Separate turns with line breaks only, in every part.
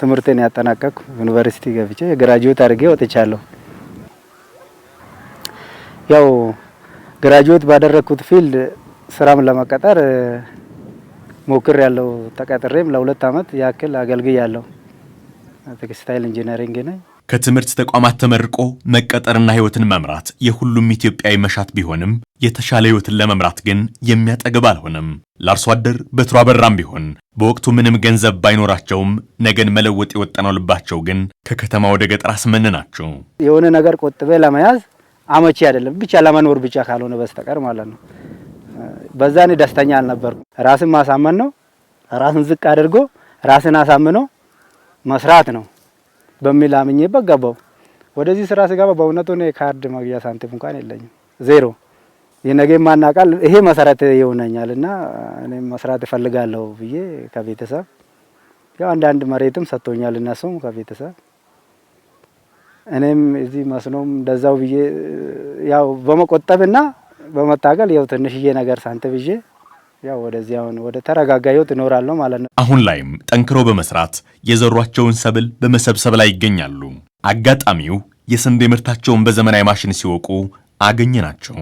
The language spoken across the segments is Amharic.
ትምህርቴን ያጠናቀቅኩ ዩኒቨርሲቲ ገብቼ ግራጁዌት አድርጌ ወጥቻለሁ። ያው ግራጁዌት ባደረግኩት ፊልድ ስራም ለመቀጠር ሞክር ያለው ተቀጥሬም ለሁለት አመት ያክል አገልግያለሁ። ቴክስታይል ኢንጂነሪንግ ነኝ።
ከትምህርት ተቋማት ተመርቆ መቀጠርና ህይወትን መምራት የሁሉም ኢትዮጵያዊ መሻት ቢሆንም የተሻለ ህይወትን ለመምራት ግን የሚያጠግብ አልሆነም። ለአርሶ አደር በትሮ አበራም ቢሆን በወቅቱ ምንም ገንዘብ ባይኖራቸውም ነገን መለወጥ የወጠነው ልባቸው ግን ከከተማ ወደ ገጠር አስመን ናቸው።
የሆነ ነገር ቆጥቤ ለመያዝ አመቺ አይደለም፣ ብቻ ለመኖር ብቻ ካልሆነ በስተቀር ማለት ነው። በዛኔ ደስተኛ አልነበርኩም። ራስን ማሳመን ነው። ራስን ዝቅ አድርጎ ራስን አሳምኖ መስራት ነው። በሚል አምኜበት ገባው። ወደዚህ ስራ ስገባ በእውነቱ እኔ ካርድ መግዣ ሳንቲም እንኳን የለኝም፣ ዜሮ። የነገ ማናቃል ይሄ መሰረት ይሆነኛል እና መስራት እፈልጋለሁ ብዬ ከቤተሰብ ያው አንዳንድ መሬትም ሰጥቶኛል፣ እነሱም ከቤተሰብ እኔም እዚህ መስኖም እንደዛው ብዬ ያው በመቆጠብና በመታገል ያው ትንሽዬ ነገር ሳንቲም ብዬ ያው ወደዚህ አሁን ወደ ተረጋጋዩ ህይወት እኖራለሁ ማለት ነው።
አሁን ላይም ጠንክሮ በመስራት የዘሯቸውን ሰብል በመሰብሰብ ላይ ይገኛሉ። አጋጣሚው የስንዴ ምርታቸውን በዘመናዊ ማሽን ሲወቁ አገኘ ናቸው።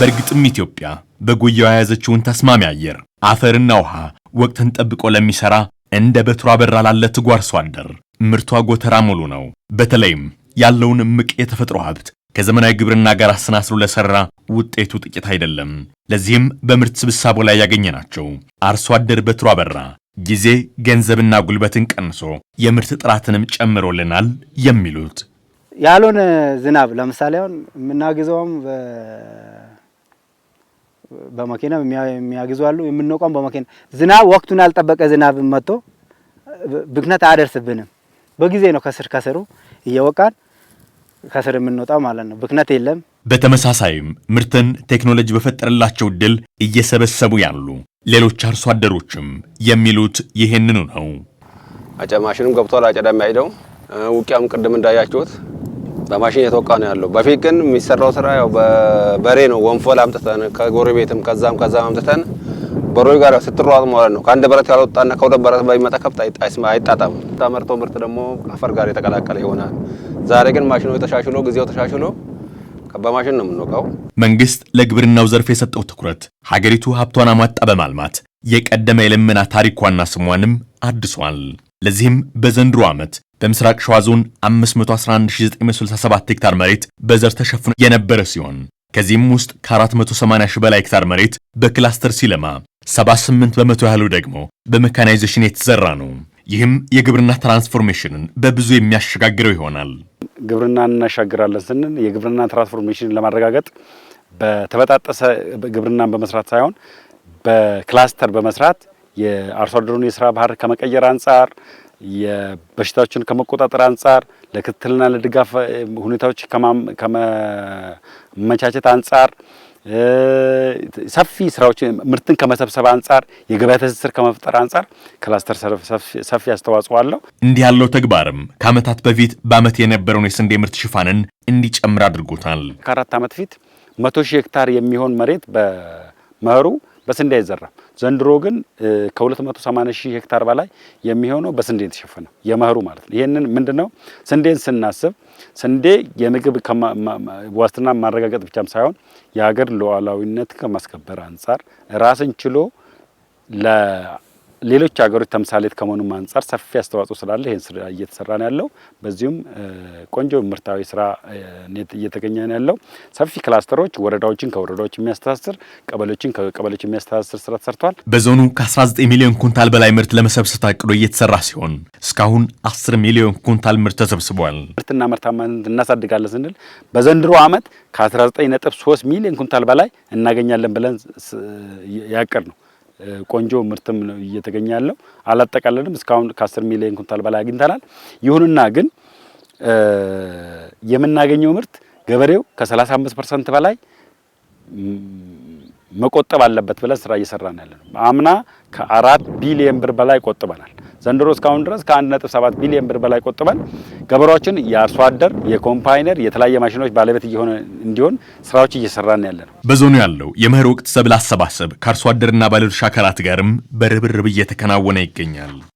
በእርግጥም ኢትዮጵያ በጉያው የያዘችውን ተስማሚ አየር፣ አፈርና ውሃ ወቅትን ጠብቆ ለሚሰራ እንደ በትሩ በራ ላለ ትጉ አደር ምርቷ ጎተራ ሙሉ ነው። በተለይም ያለውን እምቅ የተፈጥሮ ሀብት ከዘመናዊ ግብርና ጋር አሰናስሎ ለሰራ ውጤቱ ጥቂት አይደለም። ለዚህም በምርት ስብሳቦ ላይ ያገኘ ናቸው አርሶ አደር በትሮ አበራ ጊዜ ገንዘብና ጉልበትን ቀንሶ የምርት ጥራትንም ጨምሮልናል የሚሉት
ያሉን ዝናብ ለምሳሌ አሁን የምናግዘውም በመኪና የሚያግዙ አሉ። በመኪና ዝናብ ወቅቱን ያልጠበቀ ዝናብ መጥቶ ብክነት አያደርስብንም። በጊዜ ነው ከስር ከስሩ እየወቃን ከስር የምንወጣው ማለት ነው። ብክነት የለም።
በተመሳሳይም ምርትን ቴክኖሎጂ በፈጠረላቸው እድል እየሰበሰቡ ያሉ ሌሎች አርሶ አደሮችም የሚሉት ይህንኑ ነው።
አጨ ማሽንም ገብቷል። አጨዳ የሚያሄደው ውቅያም ቅድም እንዳያችሁት በማሽን እየተወቃ ነው ያለው። በፊት ግን የሚሰራው ስራ ያው በበሬ ነው። ወንፎል አምጥተን ከጎረቤትም ከዛም ከዛም አምጥተን በሮይ ጋር ስትሯሯጥ ማለት ነው። ከአንድ በረት ያልወጣና ከሁለት በረት ባይመጣ ከብት አይጣጣም። ታመርተው ምርት ደግሞ አፈር ጋር የተቀላቀለ ይሆናል። ዛሬ ግን ማሽኑ ተሻሽሎ ጊዜው ተሻሽሎ በማሽን ነው የምንወቃው።
መንግስት ለግብርናው ዘርፍ የሰጠው ትኩረት ሀገሪቱ ሀብቷን አሟጣ በማልማት የቀደመ የልመና ታሪኳና ስሟንም አድሷል። ለዚህም በዘንድሮ ዓመት በምስራቅ ሸዋ ዞን 511967 ሄክታር መሬት በዘር ተሸፍኖ የነበረ ሲሆን ከዚህም ውስጥ ከ480 ሺህ በላይ ሄክታር መሬት በክላስተር ሲለማ 78 በመቶ ያህሉ ደግሞ በመካናይዜሽን የተዘራ ነው። ይህም የግብርና ትራንስፎርሜሽንን በብዙ የሚያሸጋግረው ይሆናል።
ግብርና እናሻግራለን ስንል የግብርና ትራንስፎርሜሽንን ለማረጋገጥ በተበጣጠሰ ግብርናን በመስራት ሳይሆን በክላስተር በመስራት የአርሶ አደሩን የስራ ባህር ከመቀየር አንጻር የበሽታዎችን ከመቆጣጠር አንጻር ለክትትልና ለድጋፍ ሁኔታዎች ከማመቻቸት አንጻር ሰፊ ስራዎች ምርትን ከመሰብሰብ አንጻር የገበያ ትስስር ከመፍጠር አንጻር ክላስተር ሰፊ አስተዋጽኦ አለው።
እንዲህ ያለው ተግባርም ከዓመታት በፊት በአመት የነበረውን የስንዴ ምርት ሽፋንን እንዲጨምር አድርጎታል።
ከአራት ዓመት ፊት መቶ ሺህ ሄክታር የሚሆን መሬት በመኸሩ በስንዴ አይዘራም። ዘንድሮ ግን ከ280 ሺህ ሄክታር በላይ የሚሆነው በስንዴ የተሸፈነ የመኸሩ ማለት ነው። ይህንን ምንድነው ስንዴን ስናስብ ስንዴ የምግብ ዋስትና ማረጋገጥ ብቻም ሳይሆን የሀገር ሉዓላዊነት ከማስከበር አንጻር ራስን ችሎ ሌሎች ሀገሮች ተምሳሌት ከመሆኑም አንጻር ሰፊ አስተዋጽኦ ስላለ ይህን ስራ እየተሰራ ነው ያለው። በዚሁም ቆንጆ ምርታዊ ስራ እየተገኘ ነው ያለው። ሰፊ ክላስተሮች ወረዳዎችን ከወረዳዎች የሚያስተሳስር ቀበሌዎችን ከቀበሌዎች የሚያስተሳስር ስራ ተሰርቷል።
በዞኑ ከ19 ሚሊዮን ኩንታል በላይ ምርት ለመሰብሰብ ታቅዶ እየተሰራ ሲሆን እስካሁን 10 ሚሊዮን ኩንታል ምርት ተሰብስቧል።
ምርትና ምርታማነት እናሳድጋለን ስንል በዘንድሮ ዓመት ከ19.3 ሚሊዮን ኩንታል በላይ እናገኛለን ብለን ያቅር ነው ቆንጆ ምርትም እየተገኘ ያለው አላጠቃለንም። እስካሁን ከአስር ሚሊዮን ኩንታል በላይ አግኝተናል። ይሁንና ግን የምናገኘው ምርት ገበሬው ከ35 ፐርሰንት በላይ መቆጠብ አለበት ብለን ስራ እየሰራን ያለ ነው። አምና ከአራት ቢሊየን ብር በላይ ቆጥበናል። ዘንድሮ እስካሁን ድረስ ከአንድ ነጥብ ሰባት ቢሊየን ብር በላይ ቆጥበን ገበሬዎችን የአርሶ አደር የኮምፓይነር የተለያየ ማሽኖች ባለቤት እየሆነ እንዲሆን ስራዎች እየሰራን ያለ ነው።
በዞኑ ያለው የመኸር ወቅት ሰብል አሰባሰብ ከአርሶ አደርና ባለድርሻ አካላት ጋርም በርብርብ እየተከናወነ ይገኛል።